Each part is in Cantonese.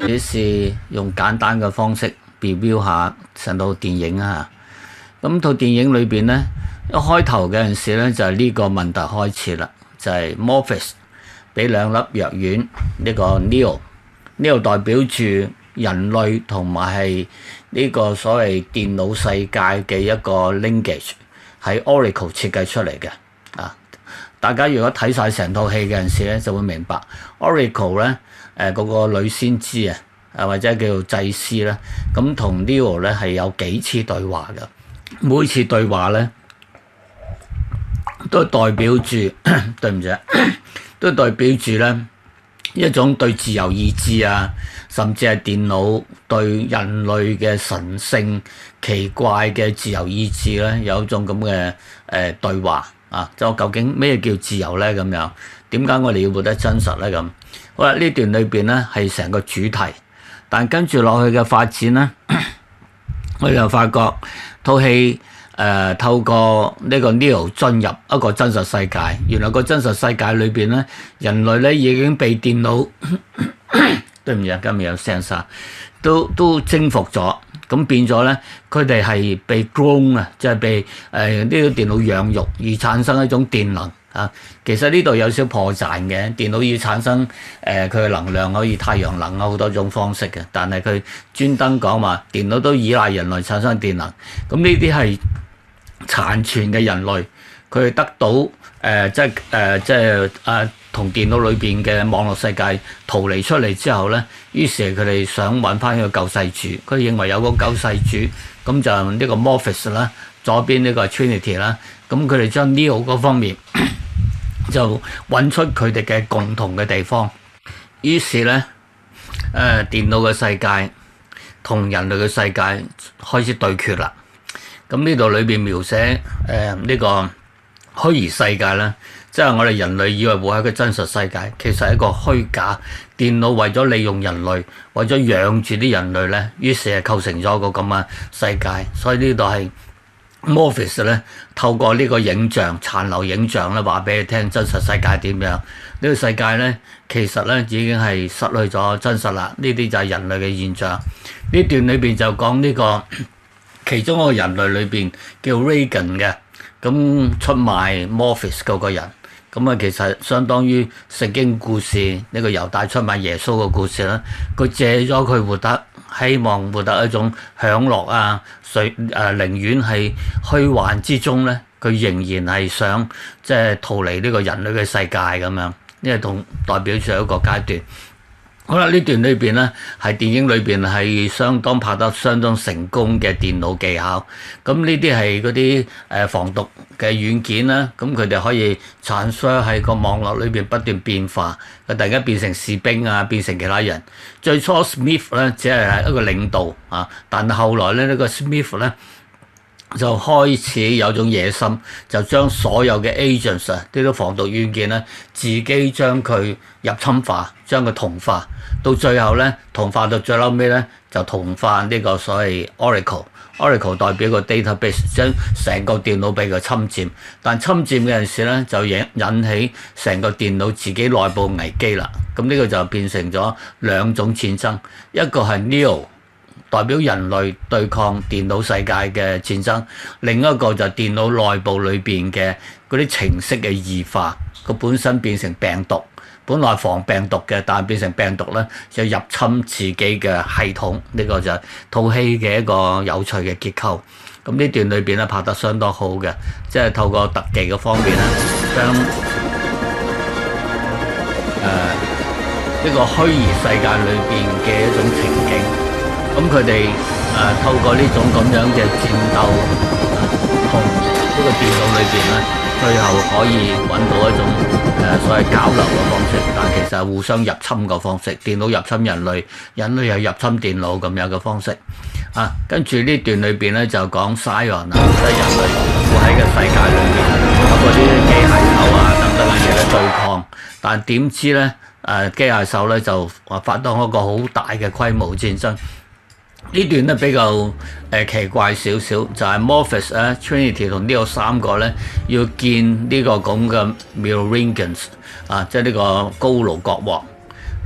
只是用簡單嘅方式 review 下成套電影啊！咁套電影裏邊呢，一開頭嘅陣時咧就係、是、呢個問題開始啦，就係 Morphus 俾兩粒藥丸，呢、這個 Neo Neo 代表住人類同埋係。呢個所謂電腦世界嘅一個 linkage 係 Oracle 設計出嚟嘅啊！大家如果睇晒成套戲嘅陣時咧，就會明白 Oracle 咧誒嗰個女先知啊，啊或者叫做祭司咧，咁同 Neo 咧係有幾次對話嘅，每次對話咧都代表住，對唔住，都代表住咧 一種對自由意志啊！甚至係電腦對人類嘅神性、奇怪嘅自由意志咧，有一種咁嘅誒對話啊！就究竟咩叫自由呢？咁樣點解我哋要活得真實呢？咁好啦，段裏面呢段裏邊咧係成個主題，但跟住落去嘅發展咧， 我就發覺套戲誒透過呢個 Neo 進入一個真實世界，原來個真實世界裏邊咧，人類咧已經被電腦。 對唔住，今日有聲沙，都都征服咗，咁變咗咧，佢哋係被 grow 啊，即係被誒呢個電腦養育而產生一種電能啊。其實呢度有少破綻嘅，電腦要產生誒佢嘅能量可以太陽能啊好多種方式嘅，但係佢專登講話電腦都依賴人類產生電能，咁呢啲係殘存嘅人類，佢得到誒、呃、即係誒、呃、即係啊。呃同電腦裏邊嘅網絡世界逃離出嚟之後咧，於是佢哋想揾翻個救世主，佢認為有個救世主，咁就呢個 Morpheus 啦，左邊呢個 Trinity 啦，咁佢哋將 Neo 嗰方面 就揾出佢哋嘅共同嘅地方，於是咧，誒、呃、電腦嘅世界同人類嘅世界開始對決啦。咁呢度裏邊描寫誒呢、呃這個虛擬世界啦。即係我哋人類以為活喺一個真實世界，其實係一個虛假。電腦為咗利用人類，為咗養住啲人類呢，於是係構成咗一個咁嘅世界。所以呢度係 Morphus 咧，透過呢個影像、殘留影像咧，話俾你聽真實世界點樣。呢、這個世界呢，其實呢已經係失去咗真實啦。呢啲就係人類嘅現象。呢段裏邊就講呢、這個其中一個人類裏邊叫 Regan 嘅，咁出賣 Morphus 嗰個人。咁啊，其實相當於聖經故事呢、這個猶大出賣耶穌嘅故事啦。佢借咗佢獲得希望，獲得一種享樂啊，隨誒、呃、寧願係虛幻之中咧，佢仍然係想即係逃離呢個人類嘅世界咁樣，因為同代表住一個階段。好啦，呢段裏邊咧，係電影裏邊係相當拍得相當成功嘅電腦技巧。咁呢啲係嗰啲誒防毒嘅軟件啦。咁佢哋可以產生喺個網絡裏邊不斷變化。啊，突然間變成士兵啊，變成其他人。最初 Smith 咧，只係係一個領導啊，但後來咧，這個、呢個 Smith 咧。就開始有種野心，就將所有嘅 agents 啊，呢啲防毒軟件咧，自己將佢入侵化，將佢同化，到最後咧，同化到最嬲尾咧，就同化呢個所謂 Oracle，Oracle 代表個 database，將成個電腦畀佢侵佔。但侵佔嘅陣時咧，就引引起成個電腦自己內部危機啦。咁呢個就變成咗兩種戰爭，一個係 Neo。代表人類對抗電腦世界嘅戰爭，另一個就係電腦內部裏邊嘅嗰啲程式嘅異化，佢本身變成病毒。本來防病毒嘅，但變成病毒咧，就入侵自己嘅系統。呢個就係套戲嘅一個有趣嘅結構。咁呢段裏邊咧，拍得相當好嘅，即係透過特技嘅方面咧，將誒呢個虛擬世界裏邊嘅一種情景。咁佢哋啊，透過呢種咁樣嘅戰鬥，同呢個電腦裏邊咧，最後可以揾到一種誒所謂交流嘅方式，但其實係互相入侵嘅方式。電腦入侵人類，人類又入侵電腦咁樣嘅方式啊。跟住呢段裏邊咧就講 Sion 啊，即係人類活喺個世界裏邊，透過啲機械手啊等等嘅嘢咧對抗，但點知咧誒機械手咧就發動一個好大嘅規模戰爭。段呢段咧比較誒、呃、奇怪少少，就係、是、Morpheus 咧、啊、Trinity 同呢個三個咧要見呢、這個咁嘅 Merovingian 啊，即係呢個高盧國王。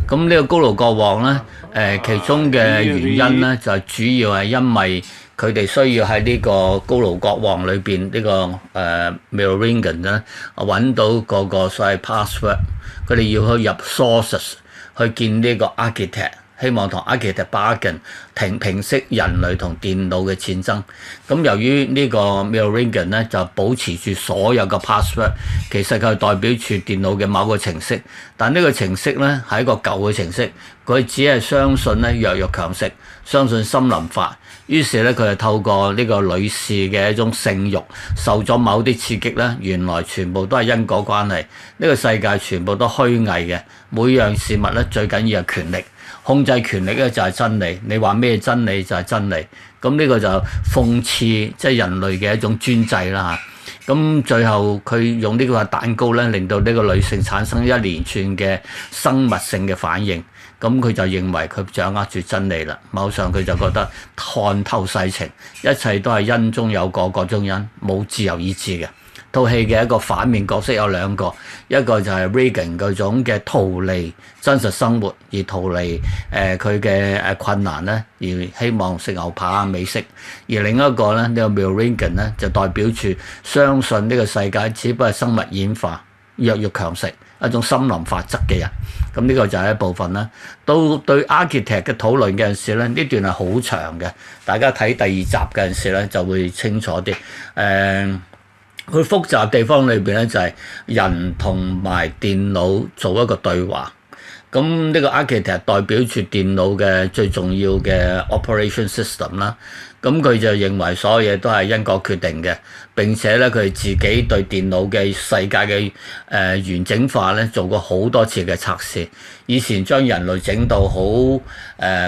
咁、啊、呢、這個高盧國王咧誒、呃、其中嘅原因咧、啊、就係主要係因為佢哋需要喺呢個高盧國王裏邊、這個呃、呢個誒 Merovingian 咧揾到個個所謂 password，佢哋要去入 sources 去見呢個 architect。希望同 architect bargain 平，平息人類同電腦嘅戰爭。咁由於呢個 Merovingian 咧就保持住所有嘅 password，其實佢代表住電腦嘅某個程式。但呢個程式咧係一個舊嘅程式，佢只係相信咧弱肉強食，相信森林法。於是咧，佢就透過呢個女士嘅一種性慾，受咗某啲刺激咧，原來全部都係因果關係。呢個世界全部都虛偽嘅，每樣事物咧最緊要係權力，控制權力咧就係真理。你話咩真理就係真理。咁呢個就諷刺，即係人類嘅一種專制啦嚇。咁最後佢用呢個蛋糕咧，令到呢個女性產生一連串嘅生物性嘅反應。咁佢就認為佢掌握住真理啦，某上佢就覺得看透世情，一切都係因中有果，果中因，冇自由意志嘅。套戲嘅一個反面角色有兩個，一個就係 Regan a 嗰種嘅逃離真實生活，而逃離誒佢嘅誒困難咧，而希望牛排食牛扒啊美食；而另一個咧，這個、呢個 Milligan 咧就代表住相信呢個世界只不過係生物演化。弱肉強食一種森林法則嘅人，咁呢個就係一部分啦。到對 architect 嘅討論嘅陣時咧，呢段係好長嘅，大家睇第二集嘅陣時咧就會清楚啲。誒、嗯，佢複雜地方裏邊咧就係人同埋電腦做一個對話。咁呢個 architect 代表住電腦嘅最重要嘅 operation system 啦。咁佢就認為所有嘢都係因果決定嘅，並且咧佢自己對電腦嘅世界嘅誒完整化咧做過好多次嘅測試。以前將人類整到好誒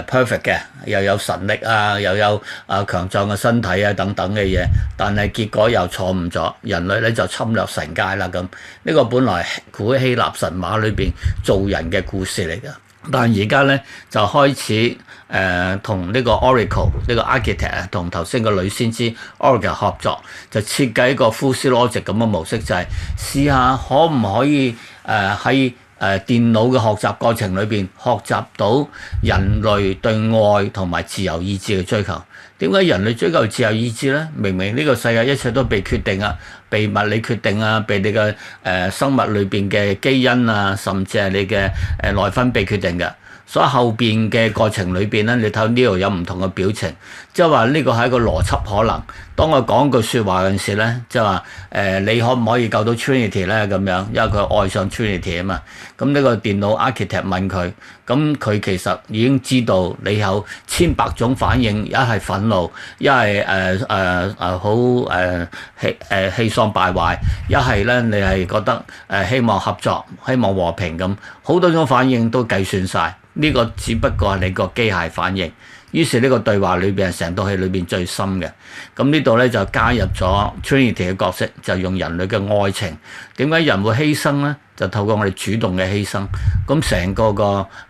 perfect 嘅，又有神力啊，又有啊強壯嘅身體啊等等嘅嘢，但係結果又錯誤咗，人類咧就侵略神界啦咁。呢、這個本來古希臘神話裏邊做人嘅故事嚟㗎，但而家咧就開始誒同呢個 Oracle 呢個 Architect 同頭先個女先知 Oracle 合作，就設計一個 Fuzzy Logic 咁嘅模式，就係、是、試下可唔可以誒喺。呃誒電腦嘅學習過程裏邊，學習到人類對愛同埋自由意志嘅追求。點解人類追求自由意志呢？明明呢個世界一切都被決定啊，被物理決定啊，被你嘅、呃、生物裏邊嘅基因啊，甚至係你嘅誒內分泌決定嘅。所以後邊嘅過程裏邊咧，你睇呢度有唔同嘅表情，即係話呢個係一個邏輯可能。當我講句説話嗰陣時咧，即係話誒，你可唔可以救到 Trinity 咧？咁樣，因為佢愛上 Trinity 啊嘛。咁呢個電腦 Architect 問佢，咁佢其實已經知道你有千百種反應，一係憤怒，一係誒誒誒好誒氣誒、呃、氣喪敗壞，一係咧你係覺得誒、呃、希望合作、希望和平咁，好多種反應都計算晒。呢個只不過係你個機械反應，於是呢個對話裏邊係成套戲裏邊最深嘅。咁呢度咧就加入咗 Trinity 嘅角色，就用人類嘅愛情。點解人會犧牲咧？就透過我哋主動嘅犧牲。咁成個個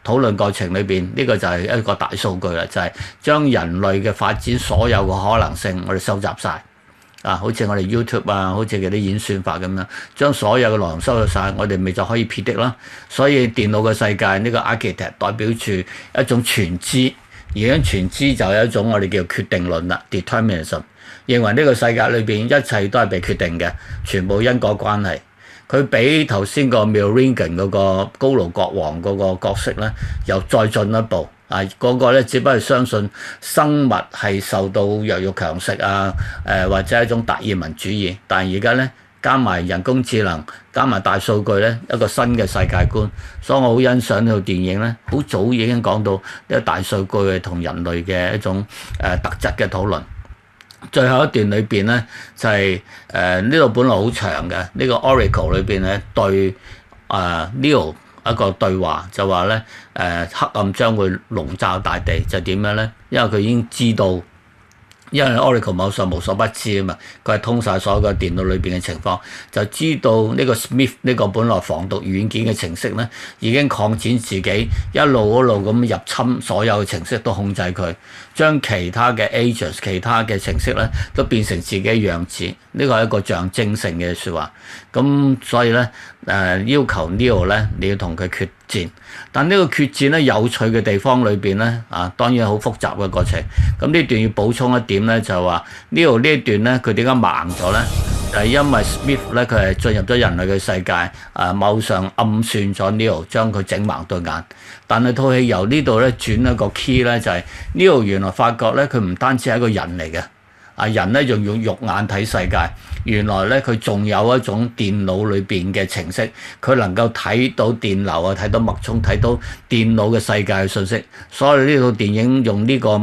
討論過程裏邊，呢、這個就係一個大數據啦，就係、是、將人類嘅發展所有嘅可能性，我哋收集晒。啊，好似我哋 YouTube 啊，好似佢啲演算法咁樣，將所有嘅內容收咗晒，我哋咪就可以 predict 咯。所以電腦嘅世界呢個 architect 代表住一種全知，而呢全知就有一種我哋叫決定論啦 （determination），認為呢個世界裏邊一切都係被決定嘅，全部因果關係，佢比頭先個 Millringen 嗰個高盧國王嗰個角色咧，又再進一步。啊！嗰個咧只不過係相信生物係受到弱肉強食啊，誒、呃、或者係一種達爾文主義。但而家咧加埋人工智能，加埋大數據咧，一個新嘅世界觀。所以我好欣賞呢套電影咧，好早已經講到呢個大數據同人類嘅一種誒、呃、特質嘅討論。最後一段裏邊咧就係誒，呢度本來好長嘅，這個，呢個 Oracle 裏邊咧對誒、呃、Neo。一個對話就話咧，誒、呃、黑暗將會籠罩大地，就點、是、樣咧？因為佢已經知道，因為 Oracle 某種無所不知啊嘛，佢係通晒所有嘅電腦裏邊嘅情況，就知道呢個 Smith 呢個本來防毒軟件嘅程式咧，已經擴展自己一路一路咁入侵所有嘅程式，都控制佢。將其他嘅 agents、其他嘅程式咧，都變成自己嘅樣子，呢個係一個象徵性嘅説話。咁所以咧，誒、呃、要求 Neo 咧，你要同佢決戰。但呢個決戰咧，有趣嘅地方裏邊咧，啊當然好複雜嘅過程。咁呢段要補充一點咧，就話、是、Neo 呢一段咧，佢點解盲咗咧？係因為 Smith 咧，佢係進入咗人類嘅世界，誒、呃，某上暗算咗 Neo 將佢整盲對眼。但係套戲由呢度咧轉一個 key 咧，就係 Neo 原來發覺咧，佢唔單止係一個人嚟嘅，啊，人咧用用肉眼睇世界，原來咧佢仲有一種電腦裏邊嘅程式，佢能夠睇到電流，啊，睇到脈衝，睇到電腦嘅世界嘅信息。所以呢套電影用呢、呢個。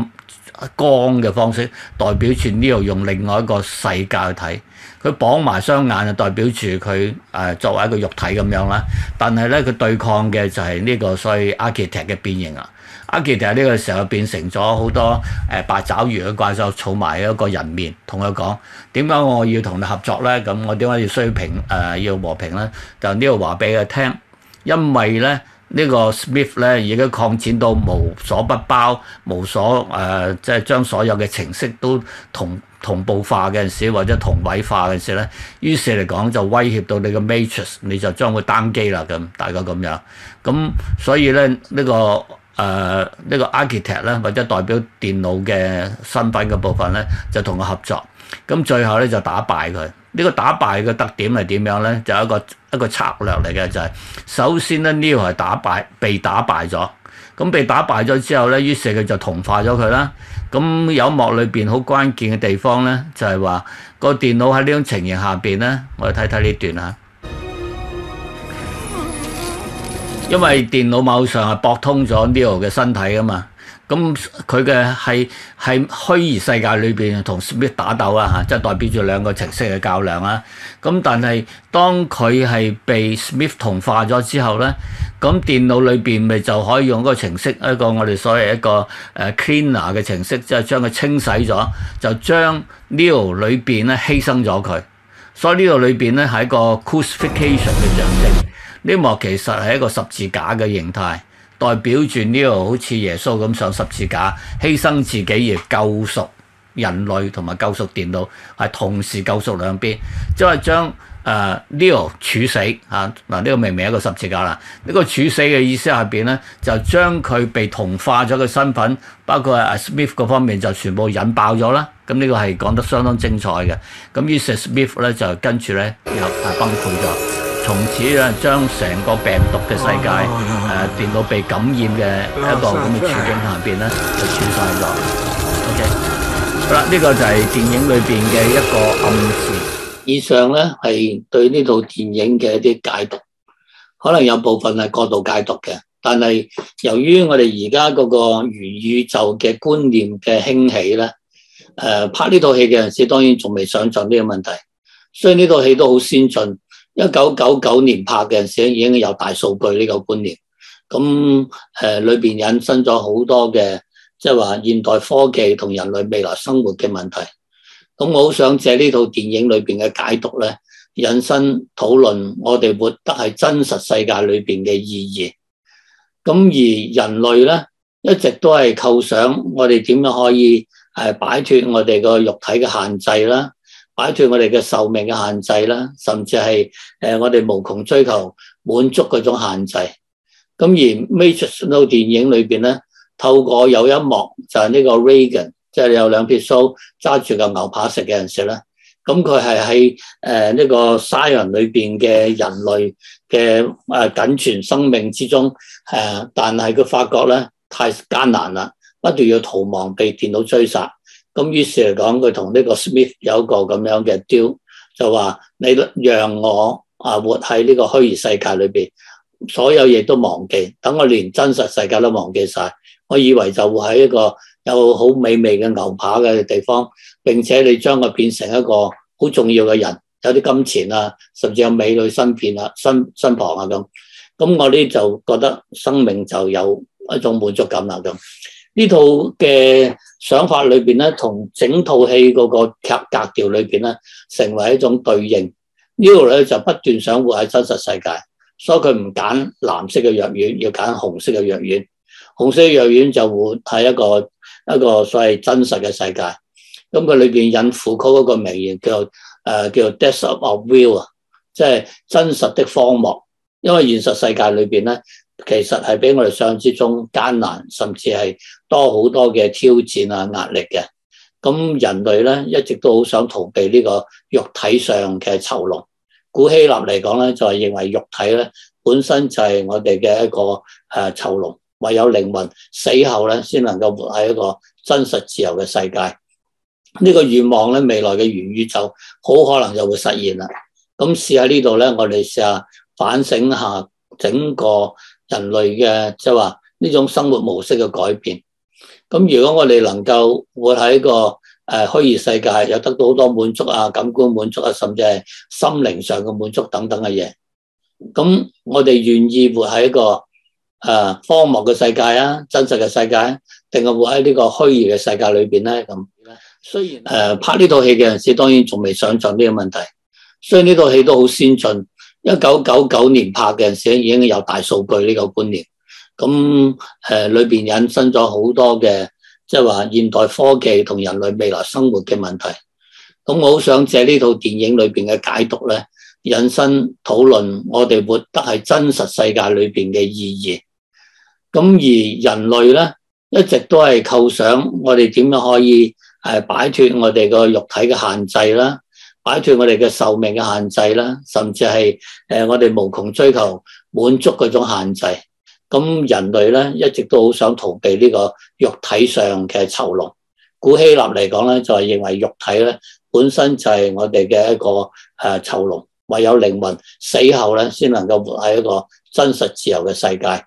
光嘅方式，代表住呢度用另外一個世界去睇。佢綁埋雙眼就代表住佢誒作為一個肉體咁樣啦。但係咧，佢對抗嘅就係呢、這個，所以 Architect 嘅變形啊。Architect 喺呢個時候變成咗好多誒、呃、八爪魚嘅怪獸，湊埋一個人面，同佢講點解我要同你合作咧？咁我點解要需平誒、呃、要和平咧？就呢度話俾佢聽，因為咧。個呢個 Smith 咧已經擴展到無所不包、無所誒、呃，即係將所有嘅程式都同同步化嘅陣時或者同位化嘅陣時咧。於是嚟講就威脅到你個 Matrix，你就將佢單機啦咁，大家咁樣。咁所以咧，這個呃這個、呢個誒呢個 architect 咧或者代表電腦嘅身份嘅部分咧，就同佢合作。咁最後咧就打敗佢，呢、這個打敗嘅特點係點樣咧？就一個一個策略嚟嘅，就係、是、首先咧 Neo 係打敗被打敗咗，咁被打敗咗之後咧，於是佢就同化咗佢啦。咁有幕裏邊好關鍵嘅地方咧，就係話個電腦喺呢種情形下邊咧，我哋睇睇呢段啊。因為電腦某程度係駁通咗 Neo 嘅身體啊嘛。咁佢嘅係係虛擬世界裏邊同 Smith 打鬥啊，嚇，即係代表住兩個程式嘅較量啊。咁但係當佢係被 Smith 同化咗之後咧，咁電腦裏邊咪就可以用個程式，一個我哋所謂一個誒 cleaner 嘅程式，即係將佢清洗咗，就將 Neo 裏邊咧犧牲咗佢。所以呢度裏邊咧係一個 crucifixion 嘅象徵。呢幕其實係一個十字架嘅形態。代表住 Neo 好似耶穌咁上十字架犧牲自己而救贖人類同埋救贖電腦，係同時救贖兩邊，即係將誒 Neo 處死嚇，嗱呢個明明一個十字架啦，呢、這個處死嘅意思入邊咧就將、是、佢被同化咗嘅身份，包括阿 Smith 嗰方面就全部引爆咗啦。咁、啊、呢、這個係講得相當精彩嘅。咁、啊、於是 Smith 咧就跟住咧又啊崩潰咗。從此咧，將成個病毒嘅世界誒，變到、oh, no, no, no. 啊、電腦被感染嘅一個咁嘅處境下邊咧，就輸晒咗。O K，好啦，呢個就係電影裏邊嘅一個暗示。以上咧係對呢套電影嘅一啲解讀，可能有部分係過度解讀嘅。但係由於我哋而家嗰個元宇宙嘅觀念嘅興起咧，誒、呃，拍呢套戲嘅人士當然仲未想象呢個問題，所以呢套戲都好先進。一九九九年拍嘅時候已經有大數據呢個觀念，咁誒裏邊引申咗好多嘅，即係話現代科技同人類未來生活嘅問題。咁我好想借呢套電影裏邊嘅解讀咧，引申討論我哋活得係真實世界裏邊嘅意義。咁而人類咧一直都係構想我哋點樣可以誒擺脫我哋個肉體嘅限制啦。擺脫我哋嘅壽命嘅限制啦，甚至係誒我哋無窮追求滿足嗰種限制。咁而 Matrix 嗰部電影裏邊咧，透過有一幕就係呢個 Regan 即係有兩撇須揸住嚿牛扒食嘅人，時咧，咁佢係喺誒呢個 Siren 裏邊嘅人類嘅誒僅存生命之中誒，但係佢發覺咧太艱難啦，不斷要逃亡被電腦追殺。咁於是嚟講，佢同呢個 Smith 有一個咁樣嘅 deal，就話你讓我啊活喺呢個虛擬世界裏邊，所有嘢都忘記，等我連真實世界都忘記晒。」我以為就會喺一個有好美味嘅牛扒嘅地方，並且你將佢變成一個好重要嘅人，有啲金錢啊，甚至有美女身片啊、身身旁啊咁。咁我呢就覺得生命就有一種滿足感啦。咁呢套嘅想法裏邊咧，同整套戲嗰個格，格調裏邊咧，成為一種對應。呢度咧就不斷想活喺真實世界，所以佢唔揀藍色嘅藥丸，要揀紅色嘅藥丸。紅色嘅藥丸就會係一個一個所謂真實嘅世界。咁佢裏邊引傅柯嗰個名言叫誒，呃、叫做 Desert of the Real 啊，即係真實的荒漠。因為現實世界裏邊咧。其實係比我哋想之中艱難，甚至係多好多嘅挑戰啊、壓力嘅。咁人類咧一直都好想逃避呢個肉體上嘅囚籠。古希臘嚟講咧，就係、是、認為肉體咧本身就係我哋嘅一個誒囚籠，唯有靈魂死後咧先能夠活喺一個真實自由嘅世界。這個，願、呢個願望咧，未來嘅元宇宙好可能就會實現啦。咁試下呢度咧，我哋試下反省下。整個人類嘅即係話呢種生活模式嘅改變，咁如果我哋能夠活喺一個誒虛擬世界，又得到好多滿足啊，感官滿足啊，甚至係心靈上嘅滿足等等嘅嘢，咁我哋願意活喺一個誒荒漠嘅世界啊，真實嘅世界啊，定係活喺呢個虛擬嘅世界裏邊咧？咁雖然誒拍呢套戲嘅陣時，當然仲未想象呢個問題，所以呢套戲都好先進。一九九九年拍嘅時已經有大數據呢個觀念，咁誒裏邊引申咗好多嘅，即係話現代科技同人類未來生活嘅問題。咁我好想借呢套電影裏邊嘅解讀咧，引申討論我哋活得係真實世界裏邊嘅意義。咁而人類咧一直都係構想我哋點樣可以誒擺脫我哋個肉體嘅限制啦。擺脫我哋嘅壽命嘅限制啦，甚至係誒我哋無窮追求滿足嗰種限制。咁人類咧一直都好想逃避呢個肉體上嘅囚籠。古希臘嚟講咧就係、是、認為肉體咧本身就係我哋嘅一個誒囚籠，唯有靈魂死後咧先能夠活喺一個真實自由嘅世界。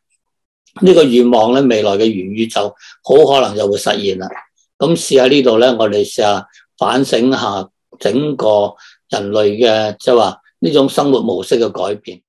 這個、願呢個願望咧未來嘅元宇宙好可能就會實現啦。咁試下呢度咧，我哋試下反省下。整個人類嘅即係話呢種生活模式嘅改變。